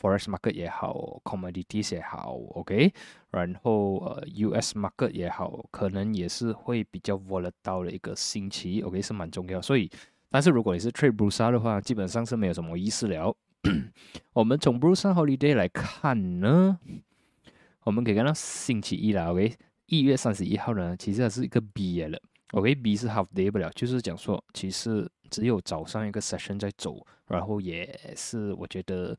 Forex market 也好，commodities 也好，OK，然後、呃、US market 也好，可能也是會比較 volatile 的一個星期，OK，是蠻重要的。所以，但是如果你是 trade Bursa 的話，基本上是沒有什麼意思了。 我們從 Bursa holiday 來看呢，我們可以看到星期一啦，OK，一月三十一號呢，其實它是一個 B 嘅了，OK，B、okay? 是 half day 不了，就是講說其實只有早上一個 session 在走，然後也是我覺得。